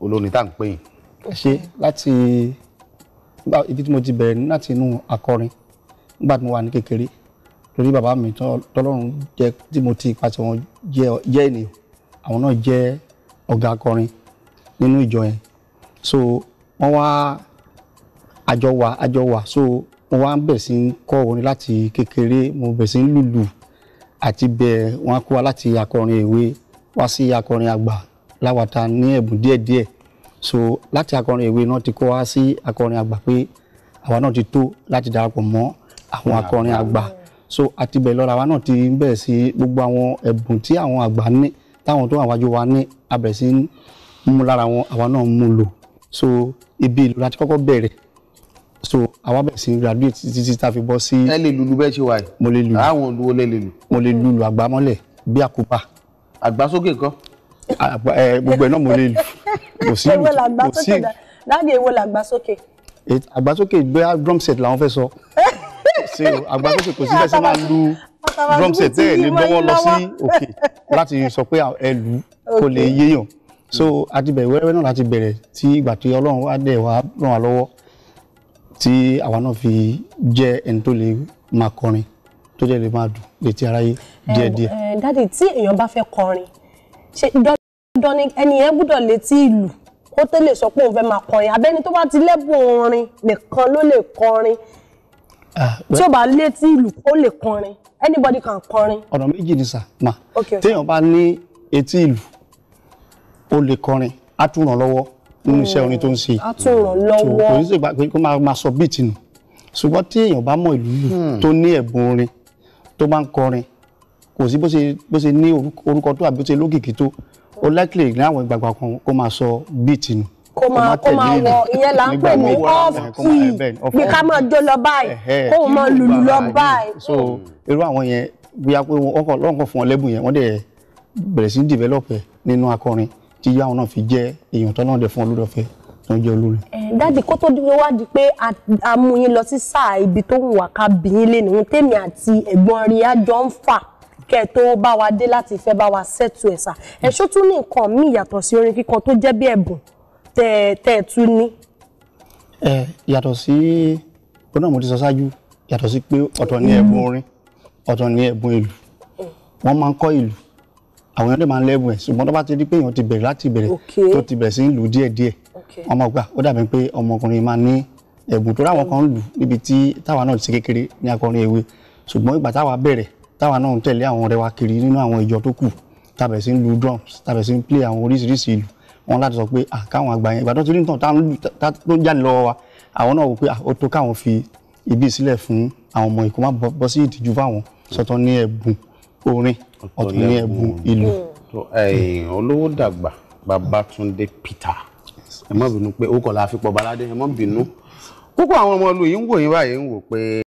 olórin tá à ń pè yín. ẹ ṣe láti ibi tí mo ti bẹ̀rẹ̀ láti inú akọrin nígbà tí mo wà ní kékeré torí bàbá mi tọ́lọ́run jẹ́ tí mo ti pàṣẹ wọn jẹ́ ènìyàn àwọn náà jẹ́ ọ̀gá akọrin nínú ìjọ yẹn so wọ́n wá àjọ wà àjọ wà so mo wá bẹ̀rẹ̀ sí kọ́ orin láti kékeré mo bẹ̀rẹ̀ sí lùlù àti bẹ́ẹ̀ wọ́n á kó wa láti akọrin èwe wá sí akọrin àgbà láwa ta ní ẹ̀bùn díẹ̀díẹ̀ so láti akọrin èwe náà ti kó wá sí akọrin àgbà pé àwa náà ti tó láti darapọ̀ mọ́ àwọn akọrin àgbà so àti bẹ̀rẹ̀ lọ́ra àwa náà ti ń bẹ̀rẹ̀ sí gbogbo àwọn ẹ̀bùn tí àwọn àgbà ní táwọn tó àwájú wa ní abẹ̀rẹ̀ sí mú lára wọn àwa náà mú lò so ibi ìlú láti kọ́kọ́ bẹ̀rẹ̀ so àwa bẹ̀rẹ̀ sí graduate títí tá a fi bọ́ sí. ẹ lè lulu bẹ́ẹ̀ ṣe wà yìí. mo lè lulu àwọn olùwọlé lè lù. mo lè lulu àgbámọ́lẹ̀ bí àkóbá. àgbásókè kọ́ gbogbo ẹ̀ náà mo lè lù kò sí ìlú kò sí ìlú. láàdì èwo làgbàsókè. àgbàsókè gbé drum set làwọn fẹ́ sọ ṣe o àgbàsókè kò sí bẹ́ẹ̀ sẹ́ máa lu drum set tẹ́ ẹ̀ lè lọ́wọ́ lọ sí òkè láti sọ pé ẹ lù kò lè yéèyàn so àti bẹ̀rẹ̀ wẹ́rẹ́ náà láti bẹ̀rẹ̀ tí ìgbà tí Ọlọ́run wá dẹ̀ wá ràn wá lọ́wọ́ tí àwa náà fi jẹ́ ẹni tó lè máa kọrin tó jẹ́ lè máa dùn létí aráyé díẹ̀díẹ̀. dádì tí èèyàn bá fẹ́ kọrin ṣe dandan ni ẹni yẹn gbúdọ̀ létí ìlú kó tó lè sọ pé òun fẹ́ máa kọrin abẹ́ni tó bá ti lẹ́bùn orin nìkan ló lè kọrin ah, tí ó bá létí ìlú ó lè kọrin anybody can kọrin. ọ̀nà méjì ni sà mà téèyàn bá ní etí ìlú ó lè kọrin á tún ràn lọ́wọ́ nínú iṣẹ́ orin tó ń ṣe á tún ràn lọ́wọ́ kò ní sèpá pé kó máa máa sọ bíìtì nù ṣùgbọ́n téèyàn bá mọ ìlú lù tó ní ẹ̀bùn orin tó bá ń kọrin kò sí bó ṣe ní orúkọ tó àbí bó ṣe lókìkí tó ó likely ní àwọn ìgbàgbà kan kó máa sọ bíìtì nù kó máa kó máa wọ ìyẹn là ń pè ní off key bí ká máa jó lọ báyìí kó o máa lùlù lọ báyìí. so irú àwọn yẹn bóyá pé ọkọ lọ́nkàn fún ọ lẹ́bùn yẹn wọ́n dẹ̀ bẹ̀rẹ̀ sí develop ẹ̀ nínú akọrin tí yáwọn náà fi jẹ́ èèyàn tán náà dẹ̀ fún olúdọ̀fẹ́ tó ń jẹ́ olórin. Eh, dáàdi kó tó wá di pé a lọ sí sáà ibi tó ń wà ká bìyín lé nìyẹn tèmi àti ẹ̀gbọ́n rí ajọ́ ń fà kẹ́ ẹ tó bá wa dé láti fẹ́ bá wa ṣètò ẹ̀ sà ẹ tún ní nǹkan míì yàtọ̀ sí orin kíkọ tó jẹ́ bí ẹ̀bùn tẹ́ ẹ tún ní. ẹ yàtọ̀ sí bọ́nà mo ti sọ ṣáájú yàtọ̀ sí pé ọ̀tọ̀ ni ẹ̀bùn orin ọ̀tọ̀ ni ẹ̀bùn ìlú wọ́n máa ń kọ́ ìlú àwọn èèyàn lè máa ń lẹ́bùn ẹ̀ ṣùgbọ́n tó bá ti rí pé èèyàn ti bẹ̀rẹ̀ láti bẹ̀rẹ̀ tó ti bẹ̀rẹ̀ sí ń lù díẹ̀díẹ̀ ọmọ gbà ó dàbí pé ọmọkùnrin máa ní ẹ̀bùn tó ráwọn kan lù níbi tí táwa náà ti ṣe kékeré ní akọrin èwe ṣùgbọ́n ìgbà táwa bẹ̀rẹ̀ táwa náà ń tẹ̀lé àwọn ọ̀rẹ́ wa kiri nínú àwọn ìjọ tó kù tàbẹ̀ sí ń lu drums tàbẹ̀ sí ń play àwọn oríṣiríṣi ìlú wọn láti sọ pé káwọn àgbà yẹn ìbàdàn tí ní tàn tó jáde lọ́wọ́ wa àwọn náà wò pé ó tó káwọn fi ibi sílẹ̀ fún àwọn ọmọ ìkó má bọ́ sí ìtìjú fáwọn sọ̀tọ̀ ní ẹ̀bùn orin ọ̀tọ̀ ní ẹ̀bùn ìlú. olówó dàgbà Babátúndé Peter ẹ má bínú pé ó kọ̀ la fi pọ̀ baládé ẹ má bínú púpọ̀ àwọn ọmọ ìlú yìí ń wò yín báyìí ń wò pé.